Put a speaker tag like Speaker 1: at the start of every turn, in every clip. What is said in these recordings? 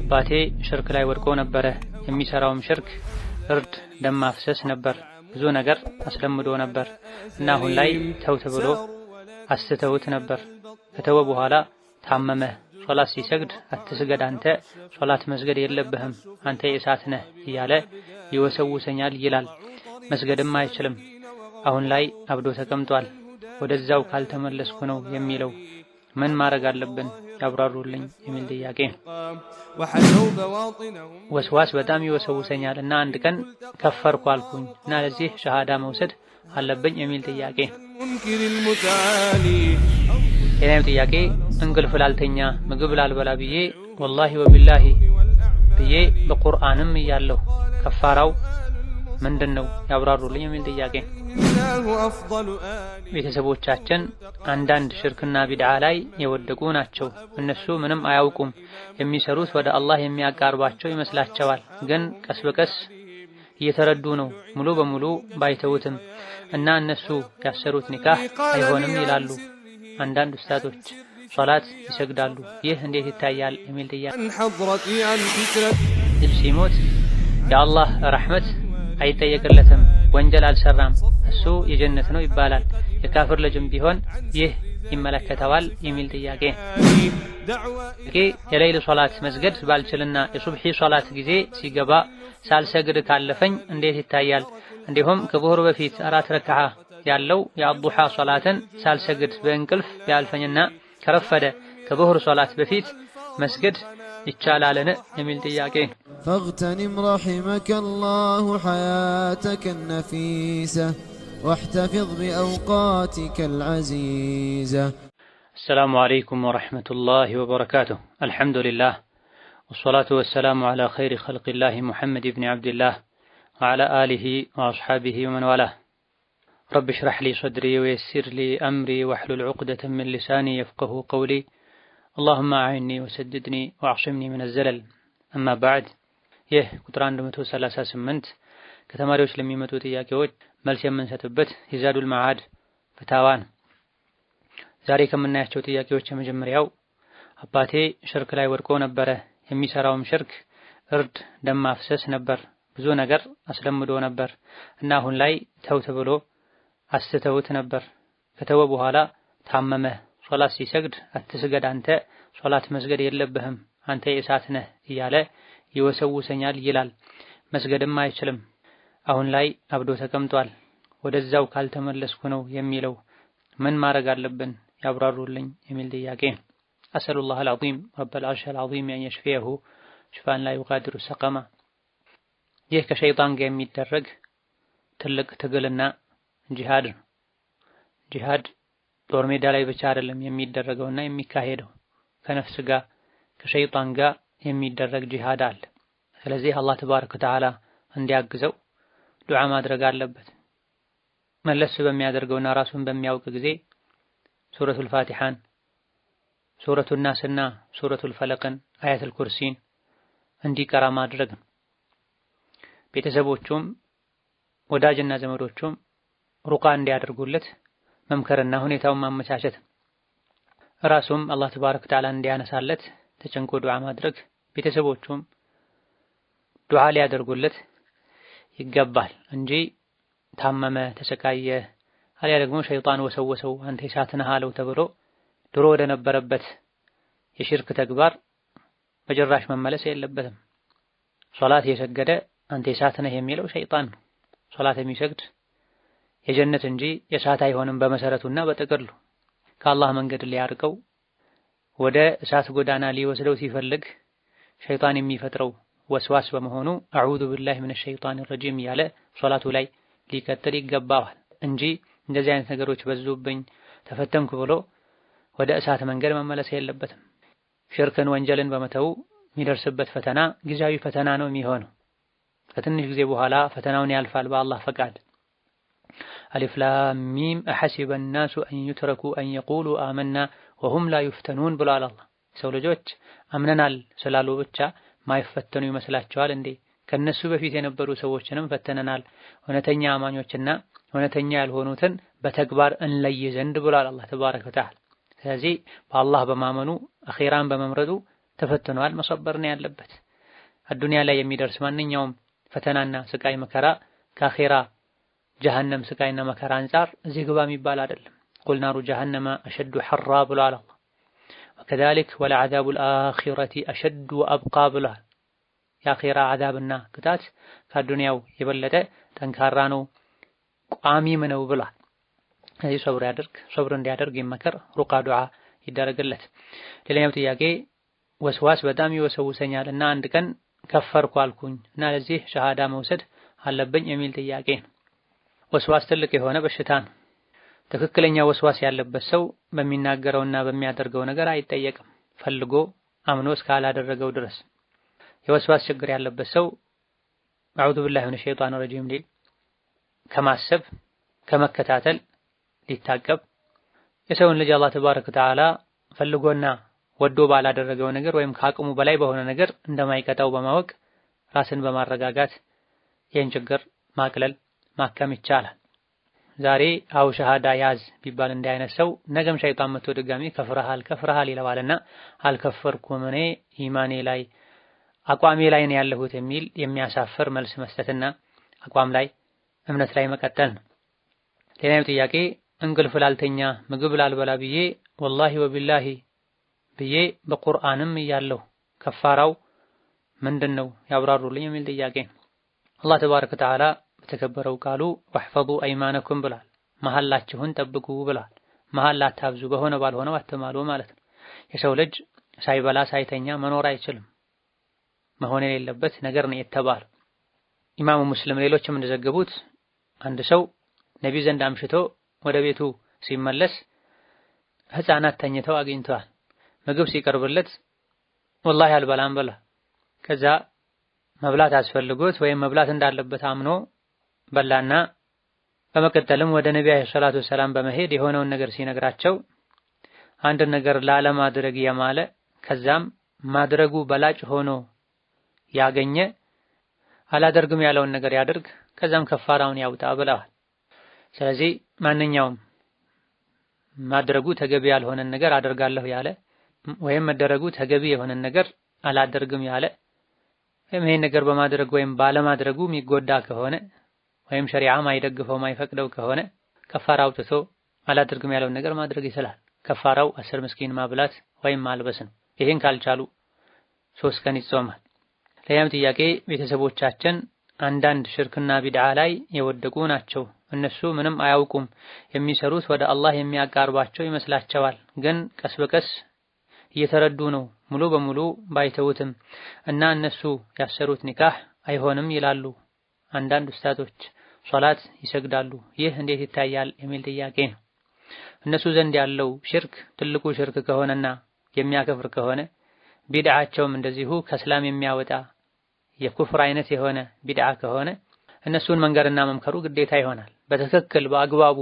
Speaker 1: አባቴ ሽርክ ላይ ወድቆ ነበረ። የሚሰራውም ሽርክ እርድ ደም ማፍሰስ ነበር። ብዙ ነገር አስለምዶ ነበር እና አሁን ላይ ተውት ብሎ አስተውት ነበር። ከተወ በኋላ ታመመ። ሶላት ሲሰግድ አትስገድ አንተ ሶላት መስገድ የለብህም አንተ የእሳት ነህ እያለ ይወሰውሰኛል ይላል። መስገድም አይችልም። አሁን ላይ አብዶ ተቀምጧል። ወደዛው ካልተመለስኩ ነው የሚለው ምን ማድረግ አለብን ያብራሩልኝ የሚል ጥያቄ ወስዋስ በጣም ይወሰውሰኛል እና አንድ ቀን ከፈርኩ አልኩኝ እና ለዚህ ሸሃዳ መውሰድ አለብኝ የሚል ጥያቄ ሌላም ጥያቄ እንቅልፍ ላልተኛ ምግብ ላልበላ ብዬ ወላሂ ወቢላሂ ብዬ በቁርአንም እያለሁ ከፋራው ምንድን ነው ያብራሩልኝ የሚል ጥያቄ ቤተሰቦቻችን አንዳንድ ሽርክና ቢድዓ ላይ የወደቁ ናቸው። እነሱ ምንም አያውቁም። የሚሰሩት ወደ አላህ የሚያቃርባቸው ይመስላቸዋል። ግን ቀስ በቀስ እየተረዱ ነው። ሙሉ በሙሉ ባይተውትም እና እነሱ ያሰሩት ኒካህ አይሆንም ይላሉ አንዳንድ ኡስታዞች። ሶላት ይሰግዳሉ። ይህ እንዴት ይታያል የሚል ጥያቄ ልብስ ሲሞት የአላህ ረሕመት አይጠየቅለትም፣ ወንጀል አልሰራም፣ እሱ የጀነት ነው ይባላል። የካፍር ልጅም ቢሆን ይህ ይመለከተዋል የሚል ጥያቄ ጌ የሌይል ሶላት መስገድ ባልችልና የሱብሒ ሶላት ጊዜ ሲገባ ሳልሰግድ ካለፈኝ እንዴት ይታያል? እንዲሁም ከብሁር በፊት አራት ረክዓ ያለው የአቡሓ ሶላትን ሳልሰግድ በእንቅልፍ ቢያልፈኝና ከረፈደ ከብሁር ሶላት በፊት መስገድ ይቻላልን የሚል دياكي فاغتنم رحمك الله حياتك النفيسة
Speaker 2: واحتفظ بأوقاتك العزيزة السلام عليكم ورحمة الله وبركاته الحمد لله والصلاة والسلام على خير خلق الله محمد بن عبد الله وعلى آله وأصحابه ومن والاه رب اشرح لي صدري ويسر لي أمري واحلل عقدة من لساني يفقه قولي አላሁማ አዕኒ ወሰድድኒ ወአዕሽምኒ ምን ዘለል። አማ ባዕድ። ይህ ቁጥር 138 ከተማሪዎች ለሚመጡ ጥያቄዎች መልስ የምንሰጥበት የዛዱል መዓድ ፍታዋ ነው። ዛሬ ከምናያቸው ጥያቄዎች የመጀመሪያው አባቴ ሽርክ ላይ ወድቆ ነበረ። የሚሰራውም ሽርክ እርድ ደም ማፍሰስ ነበር። ብዙ ነገር አስለምዶ ነበር እና አሁን ላይ ተው ተብሎ አስተውት ነበር። ከተወ በኋላ ታመመ ሶላት ሲሰግድ አትስገድ አንተ ሶላት መስገድ የለብህም አንተ የእሳት ነህ እያለ ይወሰውሰኛል ይላል። መስገድም አይችልም። አሁን ላይ አብዶ ተቀምጧል። ወደዛው ካልተመለስኩ ነው የሚለው ምን ማድረግ አለብን ያብራሩልኝ የሚል ጥያቄ። አሰሉላህ አልዓዚም ረበል አርሽል ዓዚም አን የሽፊየሁ ሽፋን ላይ ዩቃዲሩ ሰቀማ። ይህ ከሸይጣን ጋር የሚደረግ ትልቅ ትግልና ጂሃድ ነው። ጂሃድ ጦር ሜዳ ላይ ብቻ አይደለም የሚደረገውና የሚካሄደው ከነፍስ ጋር ከሸይጣን ጋር የሚደረግ ጂሃድ አለ። ስለዚህ አላህ ተባረከ ወተዓላ እንዲያግዘው ዱዓ ማድረግ አለበት። መለስ በሚያደርገውና ራሱን በሚያውቅ ጊዜ ሱረቱል ፋቲሐን፣ ሱረቱን ናስና ሱረቱል ፈለቅን፣ አያተል ኩርሲን እንዲቀራ ማድረግ ቤተሰቦቹም ወዳጅና ዘመዶቹም ሩቃ እንዲያደርጉለት መምከርና ሁኔታውን ማመቻቸት ራሱም አላህ ተባረከ ወተዓላ እንዲያነሳለት ተጨንቆ ዱዓ ማድረግ ቤተሰቦቹም ዱዓ ሊያደርጉለት ይገባል እንጂ ታመመ፣ ተሰቃየ፣ አሊያ ደግሞ ሸይጣን ወሰወሰው አንተ የሳት ነህ አለው ተብሎ ድሮ ወደ ነበረበት የሽርክ ተግባር በጭራሽ መመለስ የለበትም። ሶላት የሰገደ አንተ እሳት ነህ የሚለው ሸይጣን ነው። ሶላት የሚሰግድ የጀነት እንጂ የእሳት አይሆንም በመሰረቱና በጥቅሉ ከአላህ መንገድ ሊያርቀው ወደ እሳት ጎዳና ሊወስደው ሲፈልግ ሸይጣን የሚፈጥረው ወስዋስ በመሆኑ አዑዙ ቢላሂ ሚነ ሸይጣን ረጂም እያለ ሶላቱ ላይ ሊቀጥል ይገባዋል እንጂ እንደዚህ አይነት ነገሮች በዙብኝ ተፈተንኩ ብሎ ወደ እሳት መንገድ መመለስ የለበትም። ሽርክን ወንጀልን በመተው የሚደርስበት ፈተና ጊዜያዊ ፈተና ነው የሚሆነው። ከትንሽ ጊዜ በኋላ ፈተናውን ያልፋል በአላህ ፈቃድ። አሊፍ ላም ሚም አሐሲበ الناس أن يتركوا أن يقولوا آمنا وهم لا يفتنون ብሏል አላህ። የሰው ልጆች አምነናል ስላሉ ብቻ ማይፈተኑ ይመስላቸዋል እንዴ? ከነሱ በፊት የነበሩ ሰዎችንም ፈተነናል። እውነተኛ አማኞችና እውነተኛ ያልሆኑትን በተግባር እንለይ ዘንድ ብሏል አላህ ተባረከ ወተዓላ። ስለዚህ በአላህ በማመኑ አኼራን በመምረጡ ተፈትኗል። መሰበር ነው ያለበት። አዱንያ ላይ የሚደርስ ማንኛውም ፈተናና ስቃይ መከራ ከአኼራ ጀሀነም ስቃይና መከራ አንጻር እዚህ ግባ የሚባል አይደለም። ቁል ናሩ ጀሀነመ አሸዱ ሐራ ብሏል አላህ። ወከዛሊክ ወለዐዛቡል አኺረቲ አሸዱ አብቃ ብሏል። የአኺራ ዐዛብና ቅጣት ከአዱንያው የበለጠ ጠንካራ ነው፣ ቋሚም ነው ብሏል። እዚህ ሰብር ያደርግ ሰብር እንዲያደርግ ይመከር፣ ሩቃ ዱዓ ይደረግለት። ሌላኛው ጥያቄ ወስዋስ በጣም ይወሰውሰኛል እና አንድ ቀን ከፈርኩ አልኩኝ እና ለዚህ ሸሃዳ መውሰድ አለብኝ የሚል ጥያቄ ነው። ወስዋስ ትልቅ የሆነ በሽታ ነው። ትክክለኛ ወስዋስ ያለበት ሰው በሚናገረውና በሚያደርገው ነገር አይጠየቅም ፈልጎ አምኖ እስካላደረገው ድረስ። የወስዋስ ችግር ያለበት ሰው አዑዙ ቢላሂ ሚነ ሸይጧን ረጂም ሊል ከማሰብ ከመከታተል ሊታቀብ የሰውን ልጅ አላህ ተባረከ ወተዓላ ፈልጎና ወዶ ባላደረገው ነገር ወይም ከአቅሙ በላይ በሆነ ነገር እንደማይቀጣው በማወቅ ራስን በማረጋጋት ይህን ችግር ማቅለል ማከም ይቻላል። ዛሬ አው ሸሃዳ ያዝ ቢባል እንዲህ አይነት ሰው ነገም ሸይጣን መጥቶ ድጋሚ ከፍረሃል ከፍረሃል ይለዋልና አልከፈርኩም እኔ ኢማኔ ላይ አቋሜ ላይ ነው ያለሁት የሚል የሚያሳፍር መልስ መስጠትና አቋም ላይ እምነት ላይ መቀጠል ነው። ሌላው ጥያቄ እንቅልፍ ላልተኛ ምግብ ላልበላ ብዬ ወላሂ ወቢላሂ ብዬ በቁርአንም እያለሁ ከፋራው ምንድን ነው ያብራሩልኝ የሚል ጥያቄ አላህ ተባረከ ወተዓላ የተከበረው ቃሉ ወህፈቡ አይማነኩም ብሏል። መሐላችሁን ጠብቁ ብሏል። መሐል አታብዙ፣ በሆነ ባልሆነው አትማሉ ማለት ነው። የሰው ልጅ ሳይበላ ሳይተኛ መኖር አይችልም። መሆን የሌለበት ነገር ነው የተባለው። ኢማሙ ሙስሊም ሌሎችም እንደዘገቡት አንድ ሰው ነቢ ዘንድ አምሽቶ ወደ ቤቱ ሲመለስ ህፃናት ተኝተው አግኝተዋል። ምግብ ሲቀርብለት ወላሂ አልበላም በላ። ከዛ መብላት አስፈልጎት ወይም መብላት እንዳለበት አምኖ በላና በመቀጠልም ወደ ነቢ አለይሂ ሰላቱ ሰላም በመሄድ የሆነውን ነገር ሲነግራቸው አንድ ነገር ላለማድረግ የማለ ከዛም ማድረጉ በላጭ ሆኖ ያገኘ አላደርግም ያለውን ነገር ያድርግ ከዛም ከፋራውን ያውጣ ብለዋል። ስለዚህ ማንኛውም ማድረጉ ተገቢ ያልሆነን ነገር አደርጋለሁ ያለ ወይም መደረጉ ተገቢ የሆነን ነገር አላደርግም ያለ ወይም ይሄን ነገር በማድረግ ወይም ባለማድረጉ የሚጎዳ ከሆነ ወይም ሸሪዓ ማይደግፈው ማይፈቅደው ከሆነ ከፋራ አውጥቶ አላደርግም ያለውን ነገር ማድረግ ይችላል። ከፋራው አስር ምስኪን ማብላት ወይም ማልበስ ነው። ይህን ካልቻሉ ሶስት ቀን ይጾማል። ለያም ጥያቄ ቤተሰቦቻችን አንዳንድ ሽርክና ቢድዓ ላይ የወደቁ ናቸው። እነሱ ምንም አያውቁም። የሚሰሩት ወደ አላህ የሚያቃርባቸው ይመስላቸዋል። ግን ቀስ በቀስ እየተረዱ ነው። ሙሉ በሙሉ ባይተውትም እና እነሱ ያሰሩት ኒካህ አይሆንም ይላሉ አንዳንድ ኡስታዞች። ሶላት ይሰግዳሉ። ይህ እንዴት ይታያል የሚል ጥያቄ ነው። እነሱ ዘንድ ያለው ሽርክ ትልቁ ሽርክ ከሆነና የሚያከፍር ከሆነ ቢድዓቸውም እንደዚሁ ከእስላም የሚያወጣ የኩፍር አይነት የሆነ ቢድዓ ከሆነ እነሱን መንገርና መምከሩ ግዴታ ይሆናል። በትክክል በአግባቡ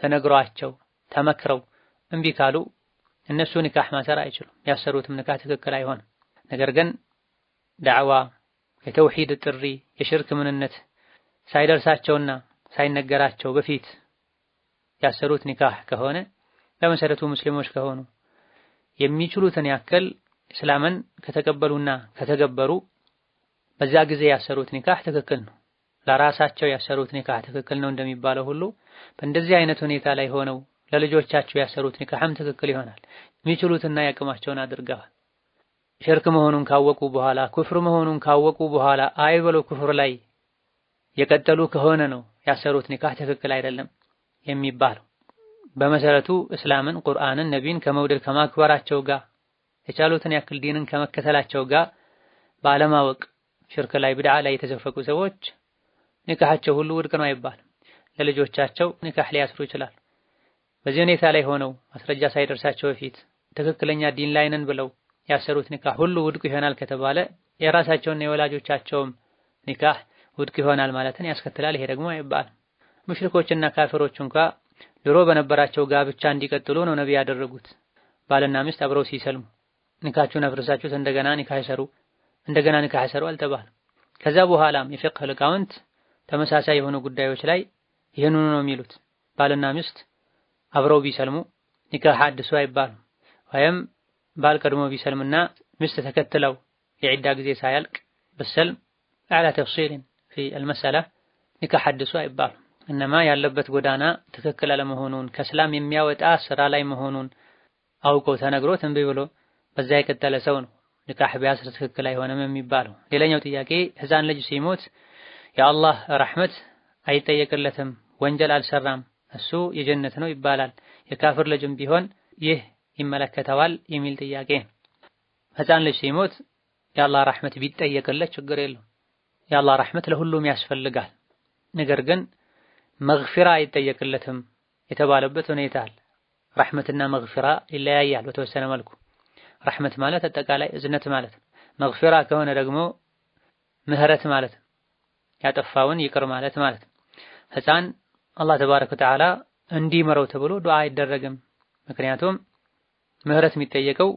Speaker 2: ተነግሯቸው ተመክረው እምቢ ካሉ እነሱ ኒካህ ማሰር አይችሉም። ያሰሩትም ኒካህ ትክክል አይሆንም። ነገር ግን ዳዕዋ የተውሂድ ጥሪ የሽርክ ምንነት ሳይደርሳቸውና ሳይነገራቸው በፊት ያሰሩት ኒካህ ከሆነ በመሰረቱ ሙስሊሞች ከሆኑ የሚችሉትን ያክል እስላምን ከተቀበሉና ከተገበሩ በዛ ጊዜ ያሰሩት ኒካህ ትክክል ነው። ለራሳቸው ያሰሩት ኒካህ ትክክል ነው እንደሚባለው ሁሉ በእንደዚህ አይነት ሁኔታ ላይ ሆነው ለልጆቻቸው ያሰሩት ኒካህም ትክክል ይሆናል። የሚችሉትና ያቅማቸውን አድርገዋል። ሽርክ መሆኑን ካወቁ በኋላ ኩፍር መሆኑን ካወቁ በኋላ አይ ኩፍር ላይ የቀጠሉ ከሆነ ነው ያሰሩት ኒካህ ትክክል አይደለም የሚባለው። በመሰረቱ እስላምን፣ ቁርአንን፣ ነቢይን ከመውደድ ከማክበራቸው ጋር የቻሉትን ያክል ዲንን ከመከተላቸው ጋር ባለማወቅ ሽርክ ላይ ብድዓ ላይ የተዘፈቁ ሰዎች ኒካሃቸው ሁሉ ውድቅ ነው አይባል። ለልጆቻቸው ኒካህ ሊያስሩ ይችላል። በዚህ ሁኔታ ላይ ሆነው ማስረጃ ሳይደርሳቸው በፊት ትክክለኛ ዲን ላይ ነን ብለው ያሰሩት ኒካህ ሁሉ ውድቅ ይሆናል ከተባለ የራሳቸውና የወላጆቻቸውም ኒካህ ውድቅ ይሆናል ማለትን ያስከትላል። ይሄ ደግሞ አይባልም። ሙሽሪኮችና ካፊሮች እንኳ ድሮ በነበራቸው ጋብቻ እንዲቀጥሉ ነው ነቢ ያደረጉት። ባልና ሚስት አብረው ሲሰልሙ ኒካችሁን አፍርሳችሁት እንደገና ንካ ሰሩ እንደገና ንካ ሰሩ አልተባለም። ከዛ በኋላም የፊቅህ ሊቃውንት ተመሳሳይ የሆኑ ጉዳዮች ላይ ይህንኑ ነው የሚሉት። ባልና ሚስት አብረው ቢሰልሙ ኒካህ አድሱ አይባልም። ወይም ባል ቀድሞ ቢሰልምና ሚስት ተከትለው የዒዳ ጊዜ ሳያልቅ ብሰልም አላ ተፍሲልን ፊ አልመሰላ ኒካህ አድሱ አይባልም። እነማ ያለበት ጎዳና ትክክል አለመሆኑን ከእስላም የሚያወጣ ስራ ላይ መሆኑን አውቆ ተነግሮ እምቢ ብሎ በዛ የቀጠለ ሰው ነው ኒካህ ቢያስር ትክክል አይሆንም የሚባለው። ሌላኛው ጥያቄ ህፃን ልጅ ሲሞት የአላህ ረሕመት አይጠየቅለትም፣ ወንጀል አልሰራም፣ እሱ የጀነት ነው ይባላል። የካፍር ልጅም ቢሆን ይህ ይመለከተዋል የሚል ጥያቄ። ህፃን ልጅ ሲሞት የአላህ ረሕመት ቢጠየቅለት ችግር የለው የአላህ ረሕመት ለሁሉም ያስፈልጋል። ነገር ግን መግፊራ አይጠየቅለትም የተባለበት ሁኔታ አለ። ረሕመትና መግፊራ ይለያያል በተወሰነ መልኩ። ረሕመት ማለት አጠቃላይ እዝነት ማለት ነው። መግፊራ ከሆነ ደግሞ ምህረት ማለት ነው። ያጠፋውን ይቅር ማለት ማለት ነው። ህፃን አላህ ተባረከ ወተዓላ እንዲመረው ተብሎ ዱዓ አይደረግም። ምክንያቱም ምህረት የሚጠየቀው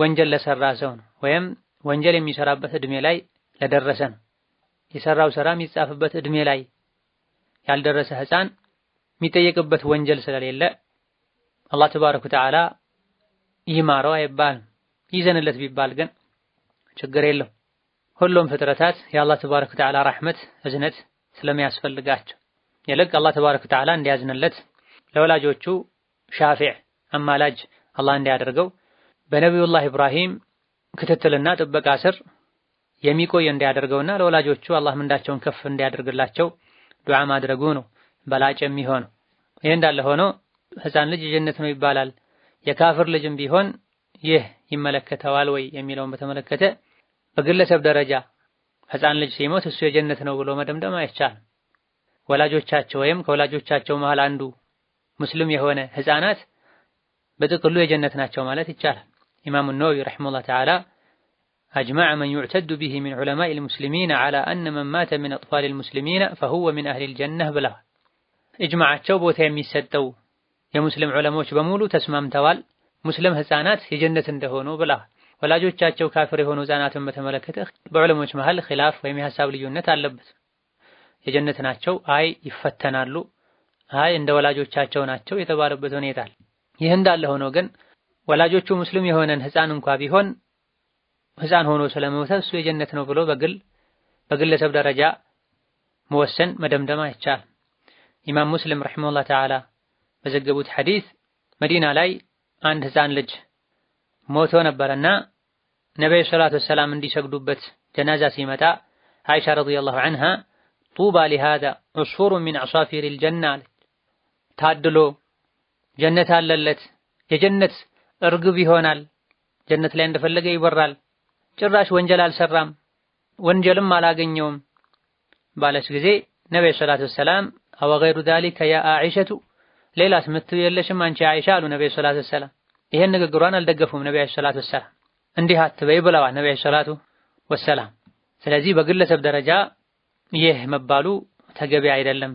Speaker 2: ወንጀል ለሰራ ሰው ነው፣ ወይም ወንጀል የሚሰራበት እድሜ ላይ ለደረሰ ነው። የሰራው ስራ የሚጻፍበት እድሜ ላይ ያልደረሰ ህፃን የሚጠየቅበት ወንጀል ስለሌለ አላህ ተባረከ ወተዓላ ይማረው አይባልም። ይዘንለት ቢባል ግን ችግር የለው። ሁሉም ፍጥረታት የአላህ ተባረከ ወተዓላ ረሕመት እዝነት ስለሚያስፈልጋቸው ይልቅ አላህ ተባረከ ወተዓላ እንዲያዝንለት ለወላጆቹ ሻፊዕ አማላጅ አላህ እንዲያደርገው በነቢዩላህ ኢብራሂም ክትትልና ጥበቃ ስር የሚቆይ እንዲያደርገውና ለወላጆቹ አላህ ምንዳቸውን ከፍ እንዲያደርግላቸው ዱዓ ማድረጉ ነው በላጭ የሚሆነው። ይህ እንዳለ ሆኖ ህፃን ልጅ ጀነት ነው ይባላል። የካፍር ልጅም ቢሆን ይህ ይመለከተዋል ወይ የሚለውን በተመለከተ በግለሰብ ደረጃ ህፃን ልጅ ሲሞት እሱ የጀነት ነው ብሎ መደምደም አይቻልም። ወላጆቻቸው ወይም ከወላጆቻቸው መሃል አንዱ ሙስሊም የሆነ ህፃናት በጥቅሉ የጀነት ናቸው ማለት ይቻላል። ኢማሙ ነወዊ ረሒመሁላህ ተዓላ أجمع من يعتد به من علماء المسلمين على أن من مات من أطفال المسلمين فهو من أهل الجنة بلا إجمع تشوب وتيمي ستو يا مسلم علماء بمولو تسمام توال مسلم هزانات هي جنة دهونو بلا ولا جو تشاو كافر هونو زانات متملكته بعلماء محل خلاف ويمي حساب الجنة تعلبت يا جنة ناتشو أي يفتنا لو أي عند ولا جو ناتشو يتبارب بدون يتال يهندال لهونو جن ولا جو مسلم يهونن هزانن كابي هون ህፃን ሆኖ ስለሞተ እሱ የጀነት ነው ብሎ በግል በግለሰብ ደረጃ መወሰን መደምደም አይቻል። ኢማም ሙስሊም ረሂመሁላህ ተዓላ በዘገቡት ሐዲስ መዲና ላይ አንድ ህፃን ልጅ ሞቶ ነበረና ነቢዩ ሰላቱ ወሰላም እንዲሰግዱበት ጀናዛ ሲመጣ አይሻ ረዲየላሁ አንሃ ጡባ ሊሃዛ ዑስፉሩን ሚን አዕሷፊሪል ጀና አለች። ታድሎ ጀነት አለለት የጀነት እርግብ ይሆናል። ጀነት ላይ እንደፈለገ ይበራል ጭራሽ ወንጀል አልሰራም፣ ወንጀልም አላገኘውም ባለች ጊዜ ነብዩ ሰለላሁ ዐለይሂ ወሰለም አወገይሩ ዛሊከ ያ አኢሸቱ ሌላስ ምትው የለሽም አንቺ አይሻ አሉ ነብዩ ሰለላሁ ዐለይሂ ወሰለም። ይሄን ንግግሯን አልደገፉም ነብዩ ሰለላሁ ዐለይሂ ወሰለም። እንዲህ አትበይ ብለዋል ነብዩ ሰለላሁ ወሰለም። ስለዚህ በግለሰብ ደረጃ ይህ መባሉ ተገቢ አይደለም።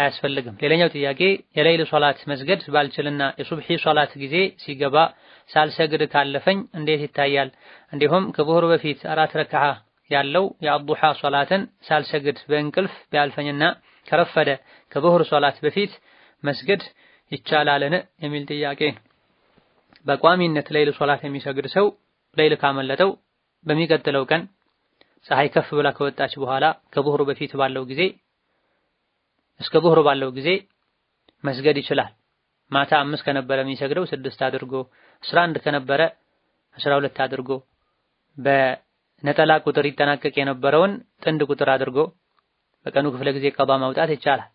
Speaker 2: አያስፈልግም። ሌላኛው ጥያቄ የሌይል ሶላት መስገድ ባልችልና የሱብሒ ሶላት ጊዜ ሲገባ ሳልሰግድ ካለፈኝ እንዴት ይታያል? እንዲሁም ከዙሁር በፊት አራት ረክዓ ያለው የአዱሃ ሶላትን ሳልሰግድ በእንቅልፍ ቢያልፈኝና ከረፈደ ከዙሁር ሶላት በፊት መስገድ ይቻላልን? የሚል ጥያቄ። በቋሚነት ሌይል ሶላት የሚሰግድ ሰው ሌይል ካመለጠው በሚቀጥለው ቀን ፀሐይ ከፍ ብላ ከወጣች በኋላ ከዙሁር በፊት ባለው ጊዜ እስከ ዙህር ባለው ጊዜ መስገድ ይችላል። ማታ አምስት ከነበረ የሚሰግደው ስድስት አድርጎ አስራ አንድ ከነበረ አስራ ሁለት አድርጎ በነጠላ ቁጥር ይጠናቀቅ የነበረውን ጥንድ ቁጥር አድርጎ በቀኑ ክፍለ ጊዜ ቀባ ማውጣት ይቻላል።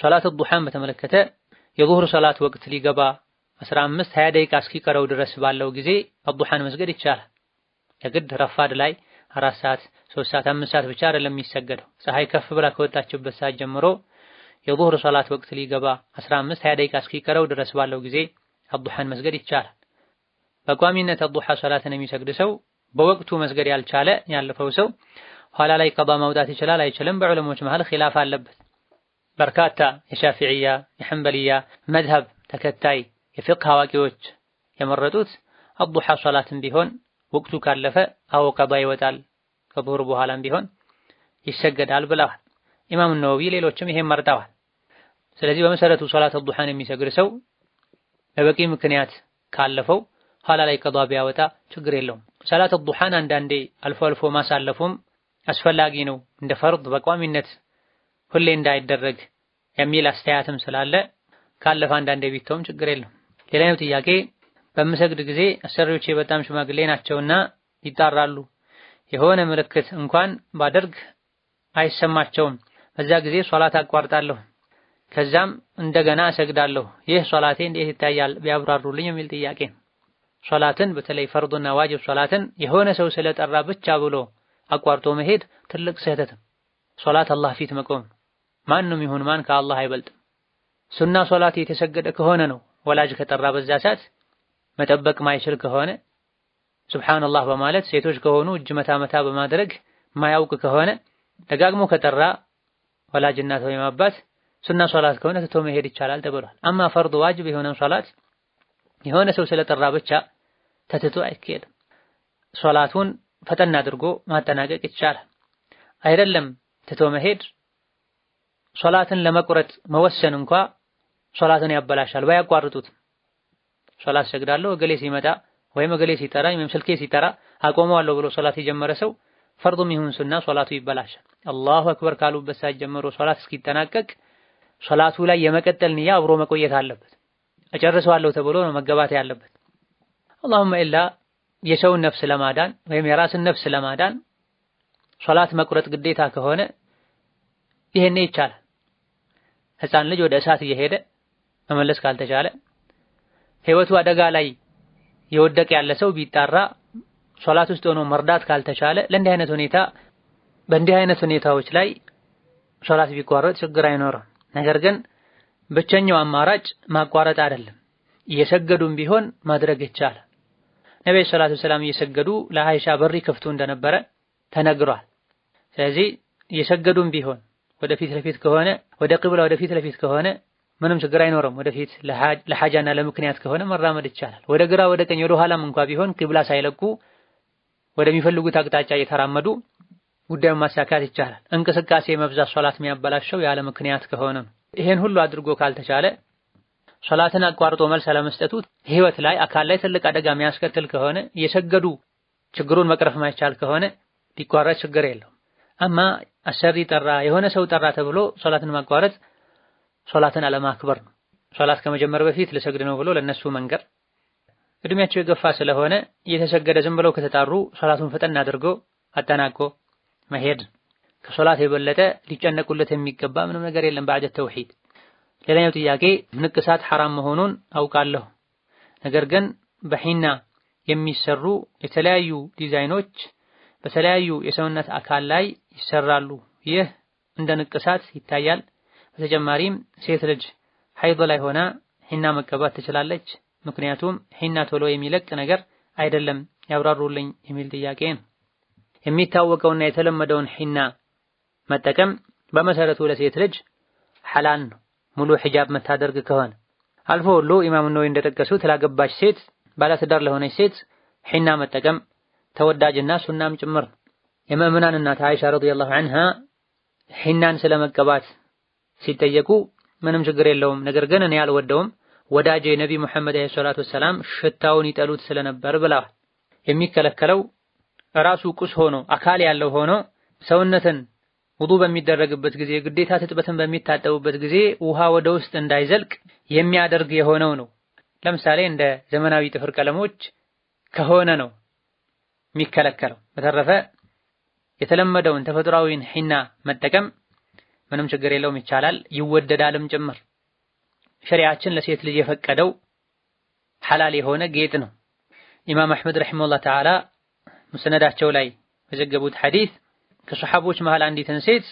Speaker 2: ሶላት ዱሃን በተመለከተ የዙህር ሶላት ወቅት ሊገባ 15 20 ደቂቃ እስኪቀረው ድረስ ባለው ጊዜ አዱሃን መስገድ ይቻላል። የግድ ረፋድ ላይ አራት ሰዓት ሶስት ሰዓት አምስት ሰዓት ብቻ አይደለም የሚሰገደው። ፀሐይ ከፍ ብላ ከወጣችበት ሰዓት ጀምሮ የዙህር ሶላት ወቅት ሊገባ 15 20 ደቂቃ እስኪቀረው ድረስ ባለው ጊዜ አዱሃን መስገድ ይቻላል። በቋሚነት አዱሃ ሶላትን የሚሰግድ ሰው በወቅቱ መስገድ ያልቻለ ያለፈው ሰው ኋላ ላይ ቀባ ማውጣት ይችላል አይችልም? በዑለሞች መሃል ኺላፍ አለበት። በርካታ የሻፊዕያ የሐንበልያ መዝሀብ ተከታይ የፊቅህ አዋቂዎች የመረጡት አዱሃ ሶላትን ቢሆን ወቅቱ ካለፈ አዎ ቀዷ ይወጣል ከዙሁር በኋላም ቢሆን ይሰገዳል ብለዋል። ኢማም ነወዊ ሌሎችም ይሄን መርጠዋል። ስለዚህ በመሰረቱ ሶላት ዱሃን የሚሰግድ ሰው በበቂ ምክንያት ካለፈው ኋላ ላይ ቀዷ ቢያወጣ ችግር የለውም። ሶላት ዱሃን አንዳንዴ አልፎ አልፎ ማሳለፉም አስፈላጊ ነው እንደ ፈርድ በቋሚነት ሁሌ እንዳይደረግ የሚል አስተያየትም ስላለ ካለፈ አንዳንዴ ቢተውም ችግር የለም። ሌላኛው ጥያቄ በምሰግድ ጊዜ አሰሪዎቼ በጣም ሽማግሌ ናቸውና ይጣራሉ። የሆነ ምልክት እንኳን ባደርግ አይሰማቸውም። በዛ ጊዜ ሶላት አቋርጣለሁ። ከዛም እንደገና እሰግዳለሁ። ይህ ሶላቴ እንዴት ይታያል ቢያብራሩልኝ የሚል ጥያቄ። ሶላትን በተለይ ፈርዱና ዋጅብ ሶላትን የሆነ ሰው ስለጠራ ብቻ ብሎ አቋርጦ መሄድ ትልቅ ስህተት። ሶላት አላህ ፊት መቆም፣ ማንም ይሁን ማን ከአላህ አይበልጥም። ሱና ሶላት የተሰገደ ከሆነ ነው ወላጅ ከጠራ በዛ ሰዓት መጠበቅ ማይችል ከሆነ ሱብሓነላህ በማለት ሴቶች ከሆኑ እጅ መታ መታ በማድረግ ማያውቅ ከሆነ ደጋግሞ ከጠራ ወላጅ እናት ወይም አባት ሱና ሶላት ከሆነ ትቶ መሄድ ይቻላል ተብሏል። አማ ፈርድ ዋጅብ የሆነን ሶላት የሆነ ሰው ስለጠራ ብቻ ተትቶ አይካሄድም። ሶላቱን ፈጠን አድርጎ ማጠናቀቅ ይቻላል። አይደለም ትቶ መሄድ ሶላትን ለመቁረጥ መወሰን እንኳ ሶላትን ያበላሻል ባያቋርጡት ሶላት ሰግዳለሁ እገሌ ሲመጣ ወይም እገሌ ሲጠራ ወይም ስልኬ ሲጠራ አቆመዋለሁ ብሎ ሶላት የጀመረ ሰው ፈርዱም ይሁን ሱና ሶላቱ ይበላሻል። አላሁ አክበር ካሉበት ሰዓት ጀምሮ ሶላት እስኪጠናቀቅ ሶላቱ ላይ የመቀጠል ንያ አብሮ መቆየት አለበት። እጨርሰዋለሁ ተብሎ ነው መገባት ያለበት። አላሁመ ኢላ የሰውን ነፍስ ለማዳን ወይም የራስን ነፍስ ለማዳን ሶላት መቁረጥ ግዴታ ከሆነ ይሄኔ ይቻላል። ህፃን ልጅ ወደ እሳት እየሄደ መመለስ ካልተቻለ ህይወቱ አደጋ ላይ የወደቀ ያለ ሰው ቢጣራ ሶላት ውስጥ ሆኖ መርዳት ካልተቻለ ለእንዲህ አይነት ሁኔታ በእንዲህ አይነት ሁኔታዎች ላይ ሶላት ቢቋረጥ ችግር አይኖርም። ነገር ግን ብቸኛው አማራጭ ማቋረጥ አይደለም። እየሰገዱም ቢሆን ማድረግ ይቻላል። ነብዩ ሰለላሁ ዐለይሂ ወሰለም እየሰገዱ ለአይሻ በሪ ክፍቱ እንደነበረ ተነግሯል። ስለዚህ እየሰገዱም ቢሆን ወደ ፊት ለፊት ከሆነ ወደ ቅብላ ወደ ፊት ለፊት ከሆነ ምንም ችግር አይኖርም። ወደፊት ለሐጃና ለምክንያት ከሆነ መራመድ ይቻላል። ወደ ግራ ወደ ቀኝ ወደ ኋላም እንኳ ቢሆን ቂብላ ሳይለቁ ወደሚፈልጉት አቅጣጫ እየተራመዱ ጉዳዩን ማሳካት ይቻላል። እንቅስቃሴ መብዛት ሶላት የሚያበላሸው ያለ ምክንያት ከሆነ ይሄን ሁሉ አድርጎ ካልተቻለ ሶላትን አቋርጦ መልስ አለመስጠቱ ህይወት ላይ አካል ላይ ትልቅ አደጋ የሚያስከትል ከሆነ እየሰገዱ ችግሩን መቅረፍ ማይቻል ከሆነ ቢቋረጥ ችግር የለውም። አማ አሰሪ ጠራ፣ የሆነ ሰው ጠራ ተብሎ ሶላትን ማቋረጥ ሶላትን አለማክበር ነው። ሶላት ከመጀመር በፊት ልሰግድ ነው ብሎ ለነሱ መንገር፣ እድሜያቸው የገፋ ስለሆነ እየተሰገደ ዝም ብለው ከተጣሩ ሶላቱን ፈጠን አድርጎ አጠናቆ መሄድ። ከሶላት የበለጠ ሊጨነቁለት የሚገባ ምንም ነገር የለም በዐጀት ተውሂድ። ሌላኛው ጥያቄ ንቅሳት ሐራም መሆኑን አውቃለሁ፣ ነገር ግን በሂና የሚሰሩ የተለያዩ ዲዛይኖች በተለያዩ የሰውነት አካል ላይ ይሰራሉ። ይህ እንደ ንቅሳት ይታያል? በተጨማሪም ሴት ልጅ ሀይድ ላይ ሆና ሂና መቀባት ትችላለች? ምክንያቱም ሂና ቶሎ የሚለቅ ነገር አይደለም ያብራሩልኝ የሚል ጥያቄ ነው። የሚታወቀውና የተለመደውን ሂና መጠቀም በመሰረቱ ለሴት ልጅ ሐላል ነው፣ ሙሉ ሒጃብ መታደርግ ከሆነ አልፎ ሁሉ ኢማም ነወይ እንደጠቀሱት ላገባች ሴት ባለትዳር ለሆነች ሴት ሒና መጠቀም ተወዳጅና ሱናም ጭምር ነው። የምእምናን እናት አይሻ ረዲየላሁ ዐንሃ ሒናን ስለመቀባት ሲጠየቁ ምንም ችግር የለውም፣ ነገር ግን እኔ አልወደውም ወዳጄ ነቢ ሙሐመድ አለይሂ ሰላቱ ወሰላም ሽታውን ይጠሉት ስለነበር ብለዋል። የሚከለከለው ራሱ ቁስ ሆኖ አካል ያለው ሆኖ ሰውነትን ውዱ በሚደረግበት ጊዜ ግዴታ ትጥበትን በሚታጠቡበት ጊዜ ውሃ ወደ ውስጥ እንዳይዘልቅ የሚያደርግ የሆነው ነው። ለምሳሌ እንደ ዘመናዊ ጥፍር ቀለሞች ከሆነ ነው የሚከለከለው። በተረፈ የተለመደውን ተፈጥሯዊን ሒና መጠቀም ምንም ችግር የለውም ይቻላል፣ ይወደዳልም ጭምር። ሸሪያችን ለሴት ልጅ የፈቀደው ሐላል የሆነ ጌጥ ነው። ኢማም አሕመድ ረሒመሁላህ ተዓላ ሙስነዳቸው ላይ በዘገቡት ሐዲስ ከሰሓቦች መሃል አንዲትን ሴት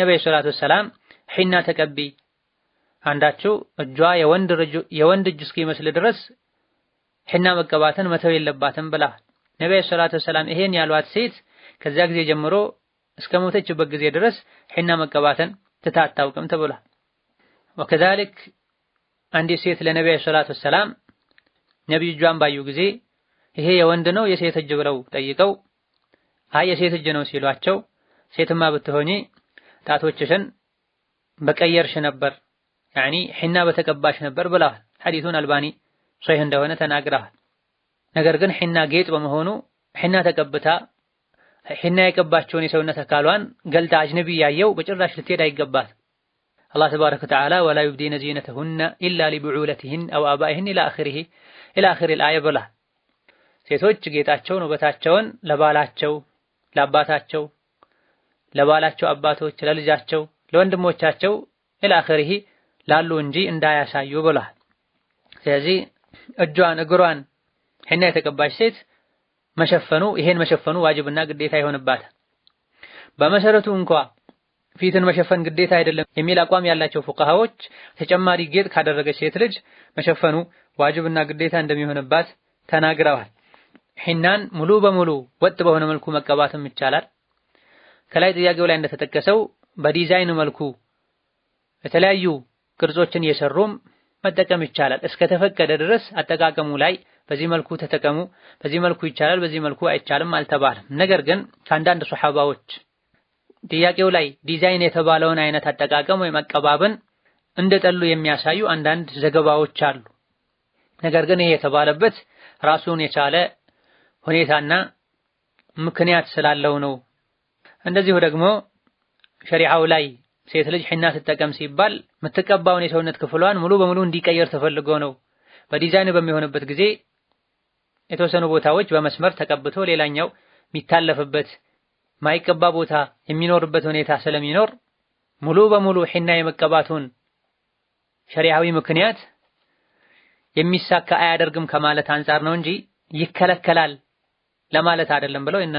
Speaker 2: ነቢዩ ሰላቱ ወሰላም ሒና ተቀቢ፣ አንዳችሁ እጇ የወንድ እጅ እስኪመስል ድረስ ሒና መቀባትን መተው የለባትም ብላ ነቢዩ ሰላቱ ወሰላም ይሄን ያሏት ሴት ከዚያ ጊዜ ጀምሮ እስከ ሞተችበት ጊዜ ድረስ ሒና መቀባትን ትታ አታውቅም ተብሏል። ወከዛሊክ አንዲት ሴት ለነቢ ሰላቱ ወሰላም ነቢዩ እጇን ባዩ ጊዜ ይሄ የወንድ ነው የሴት እጅ ብለው ጠይቀው አይ የሴት እጅ ነው ሲሏቸው ሴትማ ብትሆኚ ጣቶችሽን በቀየርሽ ነበር ያኒ ሒና በተቀባሽ ነበር ብለዋል። ሐዲሱን አልባኒ ሶሒህ እንደሆነ ተናግረዋል። ነገር ግን ሒና ጌጥ በመሆኑ ሒና ተቀብታ ሒና የቀባቸውን የሰውነት አካሏን ገልጣ አጅነቢ ያየው በጭራሽ ልትሄድ አይገባት። አላህ ተባረከ ወተዓላ ወላ ዩብዲነ ዚነተሁነ ኢላ ሊብዑለትህን አው አባኢህን ኢላ አኺሪሂ ኢላ አኺሪል አያ ብላ። ሴቶች ጌጣቸውን ውበታቸውን ለባላቸው፣ ለአባታቸው፣ ለባላቸው አባቶች፣ ለልጃቸው፣ ለወንድሞቻቸው ኢላ አኺሪሂ ላሉ እንጂ እንዳያሳዩ ብላ። ስለዚህ እጇን እግሯን ሒና የተቀባች ሴት መሸፈኑ ይሄን መሸፈኑ ዋጅብና ግዴታ ይሆንባታል። በመሰረቱ እንኳ ፊትን መሸፈን ግዴታ አይደለም የሚል አቋም ያላቸው ፉቃሃዎች ተጨማሪ ጌጥ ካደረገች ሴት ልጅ መሸፈኑ ዋጅብና ግዴታ እንደሚሆንባት ተናግረዋል። ሒናን ሙሉ በሙሉ ወጥ በሆነ መልኩ መቀባትም ይቻላል። ከላይ ጥያቄው ላይ እንደተጠቀሰው በዲዛይን መልኩ የተለያዩ ቅርጾችን እየሰሩም መጠቀም ይቻላል እስከተፈቀደ ድረስ አጠቃቀሙ ላይ በዚህ መልኩ ተጠቀሙ፣ በዚህ መልኩ ይቻላል፣ በዚህ መልኩ አይቻልም አልተባለም። ነገር ግን ከአንዳንድ ሱሐባዎች ጥያቄው ላይ ዲዛይን የተባለውን አይነት አጠቃቀም ወይም መቀባበን እንደጠሉ የሚያሳዩ አንዳንድ ዘገባዎች አሉ። ነገር ግን ይሄ የተባለበት ራሱን የቻለ ሁኔታና ምክንያት ስላለው ነው። እንደዚሁ ደግሞ ሸሪዓው ላይ ሴት ልጅ ሒና ትጠቀም ሲባል የምትቀባውን የሰውነት ክፍሏን ሙሉ በሙሉ እንዲቀየር ተፈልጎ ነው። በዲዛይን በሚሆንበት ጊዜ የተወሰኑ ቦታዎች በመስመር ተቀብቶ ሌላኛው የሚታለፍበት ማይቀባ ቦታ የሚኖርበት ሁኔታ ስለሚኖር ሙሉ በሙሉ ሒና የመቀባቱን ሸሪዓዊ ምክንያት የሚሳካ አያደርግም ከማለት አንጻር ነው እንጂ ይከለከላል ለማለት አይደለም ብለው እና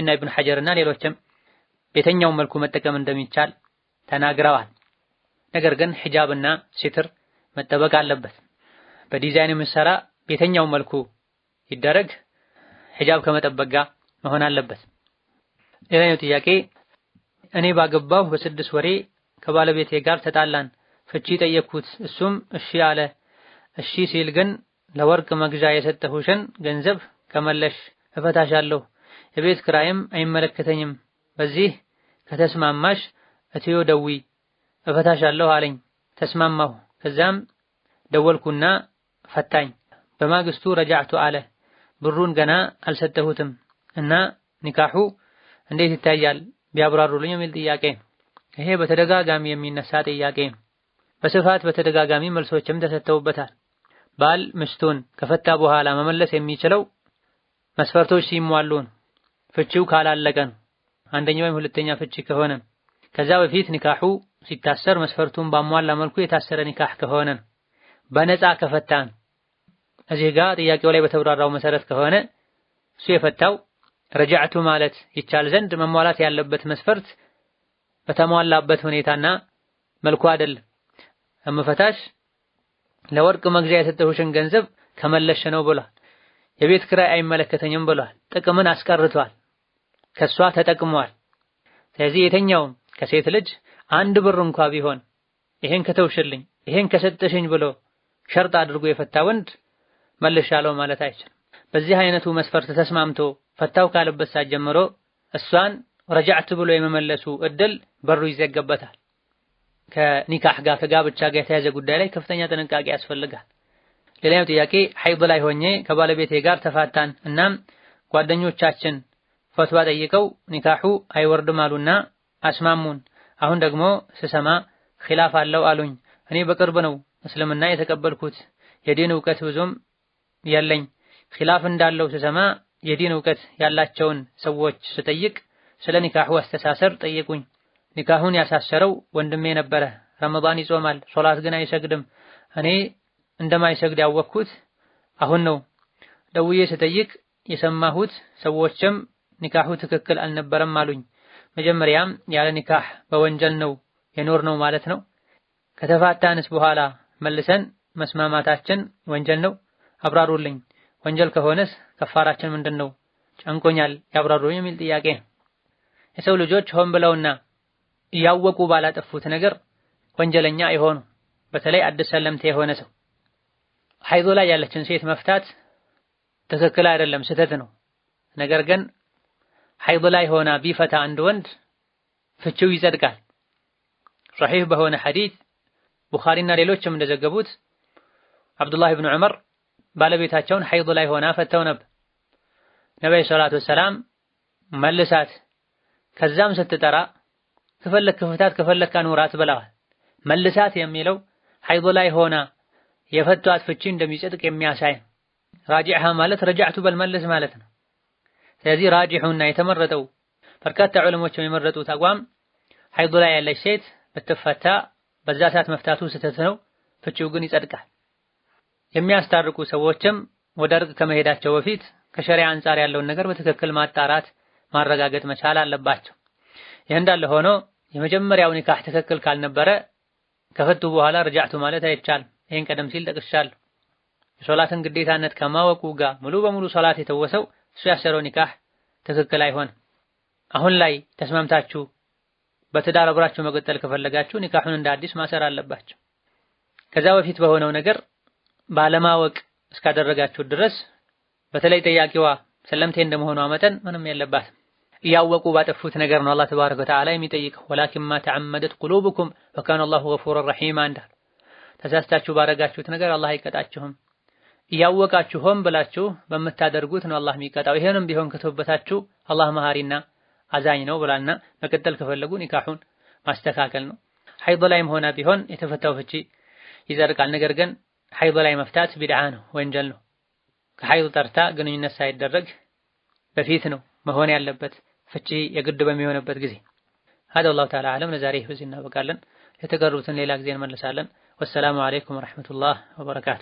Speaker 2: እና ኢብኑ ሐጀር እና ሌሎችም ቤተኛውን መልኩ መጠቀም እንደሚቻል ተናግረዋል። ነገር ግን ሒጃብና ሲትር መጠበቅ አለበት። በዲዛይን የምትሰራ ቤተኛውን መልኩ ይደረግ ሒጃብ ከመጠበቅ ጋር መሆን አለበት። ሌላኛው ጥያቄ እኔ ባገባሁ በስድስት ወሬ ከባለቤቴ ጋር ተጣላን። ፍቺ ጠየቅኩት፣ እሱም እሺ አለ። እሺ ሲል ግን ለወርቅ መግዣ የሰጠሁሽን ገንዘብ ከመለሽ እፈታሻለሁ፣ የቤት ክራይም አይመለከተኝም፣ በዚህ ከተስማማሽ እትዮ ደዊ እፈታሻለሁ አለኝ። ተስማማሁ። ከዚያም ደወልኩና ፈታኝ። በማግስቱ ረጃዕቱ አለ። ብሩን ገና አልሰጠሁትም እና ኒካሑ እንዴት ይታያል ቢያብራሩልኝ የሚል ጥያቄ ነው። ይሄ በተደጋጋሚ የሚነሳ ጥያቄ ነው። በስፋት በተደጋጋሚ መልሶችም ተሰጥተውበታል። ባል ምስቱን ከፈታ በኋላ መመለስ የሚችለው መስፈርቶች ሲሟሉ ፍቺው ካላለቀ አንደኛው አንደኛ ወይም ሁለተኛ ፍቺ ከሆነ ከዛ በፊት ኒካሑ ሲታሰር መስፈርቱን ባሟላ መልኩ የታሰረ ኒካህ ከሆነ በነፃ ከፈታ እዚህ ጋር ጥያቄው ላይ በተብራራው መሰረት ከሆነ እሱ የፈታው ረጃዕቱ ማለት ይቻል ዘንድ መሟላት ያለበት መስፈርት በተሟላበት ሁኔታና መልኩ አይደለም። እምፈታሽ ለወርቅ መግዣ የሰጠሁሽን ገንዘብ ከመለሽ ነው ብሏል። የቤት ክራይ አይመለከተኝም ብሏል። ጥቅምን አስቀርቷል። ከሷ ተጠቅሟል። ስለዚህ የተኛውም ከሴት ልጅ አንድ ብር እንኳ ቢሆን ይሄን ከተውሽልኝ፣ ይሄን ከሰጠሽኝ ብሎ ሸርጥ አድርጎ የፈታ ወንድ ያለው ማለት አይችልም። በዚህ አይነቱ መስፈርት ተስማምቶ ፈታው ካለበት ሰዓት ጀምሮ እሷን ረጃዕት ብሎ የመመለሱ እድል በሩ ይዘገበታል። ከኒካህ ጋር ከጋብቻ ጋር የተያዘ ጉዳይ ላይ ከፍተኛ ጥንቃቄ ያስፈልጋል። ሌላኛው ጥያቄ ሐይድ ላይ ሆኜ ከባለቤቴ ጋር ተፋታን፣ እናም ጓደኞቻችን ፈትዋ ጠይቀው ኒካሑ አይወርድም አሉና አስማሙን። አሁን ደግሞ ስሰማ ኺላፍ አለው አሉኝ። እኔ በቅርብ ነው እስልምና የተቀበልኩት የዲን እውቀት ብዙም ያለኝ ኺላፍ እንዳለው ስሰማ የዲን እውቀት ያላቸውን ሰዎች ስጠይቅ ስለ ኒካሁ አስተሳሰር ጠየቁኝ። ኒካሁን ያሳሰረው ወንድሜ ነበረ። ረመዳን ይጾማል፣ ሶላት ግን አይሰግድም። እኔ እንደማይሰግድ ያወቅኩት አሁን ነው። ደውዬ ስጠይቅ የሰማሁት ሰዎችም ኒካሁ ትክክል አልነበረም አሉኝ። መጀመሪያም ያለ ኒካህ በወንጀል ነው የኖር ነው ማለት ነው። ከተፋታንስ በኋላ መልሰን መስማማታችን ወንጀል ነው። አብራሩልኝ። ወንጀል ከሆነስ ከፋራችን ምንድን ነው? ጨንቆኛል ያብራሩልኝ የሚል ጥያቄ የሰው ልጆች ሆን ብለውና እያወቁ ባላጠፉት ነገር ወንጀለኛ የሆኑ በተለይ አዲስ ሰለምቴ የሆነ ሰው ሐይዞ ላይ ያለችን ሴት መፍታት ትክክል አይደለም፣ ስህተት ነው። ነገር ግን ሐይድ ላይ ሆና ቢፈታ አንድ ወንድ ፍቺው ይጸድቃል። ሶሒህ በሆነ ሐዲት ቡኻሪና ሌሎችም እንደዘገቡት አብዱላህ ብን ዑመር ባለቤታቸውን ሐይድ ላይ ሆና ፈተው ነበር። ነቢይ ሰላቱ ወሰላም መልሳት ከዛም ስትጠራ ከፈለክ ክፍታት ከፈለክ አኑራት ብለዋል። መልሳት የሚለው ሐይድ ላይ ሆና የፈቷት ፍቺ እንደሚጸድቅ የሚያሳይ ራጂዕሃ ማለት ረጃዕቱ በልመልስ ማለት ነው። ስለዚህ ራጂሑና የተመረጠው በርካታ ዑለሞች የመረጡት አቋም ሐይድ ላይ ያለች ሴት ብትፈታ በዛ ሰዓት መፍታቱ ስህተት ነው፣ ፍቺው ግን ይጸድቃል። የሚያስታርቁ ሰዎችም ወደ እርቅ ከመሄዳቸው በፊት ከሸሪያ አንጻር ያለውን ነገር በትክክል ማጣራት ማረጋገጥ መቻል አለባቸው። ይህ እንዳለ ሆኖ የመጀመሪያው ኒካህ ትክክል ካልነበረ ከፈቱ በኋላ ርጃዕቱ ማለት አይቻልም። ይህን ቀደም ሲል ጠቅሻለሁ። የሶላትን ግዴታነት ከማወቁ ጋር ሙሉ በሙሉ ሶላት የተወሰው እሱ ያሰረው ኒካህ ትክክል አይሆን አሁን ላይ ተስማምታችሁ በትዳር አብራችሁ መቀጠል ከፈለጋችሁ ኒካሁን እንደ አዲስ ማሰር አለባቸው። ከዛ በፊት በሆነው ነገር ባለማወቅ እስካደረጋችሁ ድረስ በተለይ ጠያቂዋ ሰለምቴ እንደመሆኗ መጠን ምንም የለባትም። እያወቁ ባጠፉት ነገር ነው አላህ ተባረከ ወተዓላ የሚጠይቀው። ወላኪን ማ ተዓመደት ቁሉብኩም ወካነ አላሁ ገፉረን ረሒማ እንዳል። ተሳስታችሁ ባረጋችሁት ነገር አላህ አይቀጣችሁም። እያወቃችሁ ሆን ብላችሁ በምታደርጉት ነው አላህ የሚቀጣው። ይሄንም ቢሆን ክትውበታችሁ አላህ መሃሪና አዛኝ ነው ብላና መቀጠል ከፈለጉ ኒካሁን ማስተካከል ነው። ሐይድ ላይም ሆና ቢሆን የተፈታው ፍቺ ይዘርቃል። ነገር ግን ሐይድ ላይ መፍታት ቢድዓ ነው፣ ወንጀል ነው። ከሐይድ ጠርታ ግንኙነት ሳይደረግ በፊት ነው መሆን ያለበት ፍቺ የግድ በሚሆንበት ጊዜ። ሀደ ወላሁ ተዓላ አለም። ለዛሬ በዚህ እናበቃለን። የተቀሩትን ሌላ ጊዜ እንመልሳለን። ወሰላሙ አለይኩም ወረሕመቱላህ ወበረካቱ።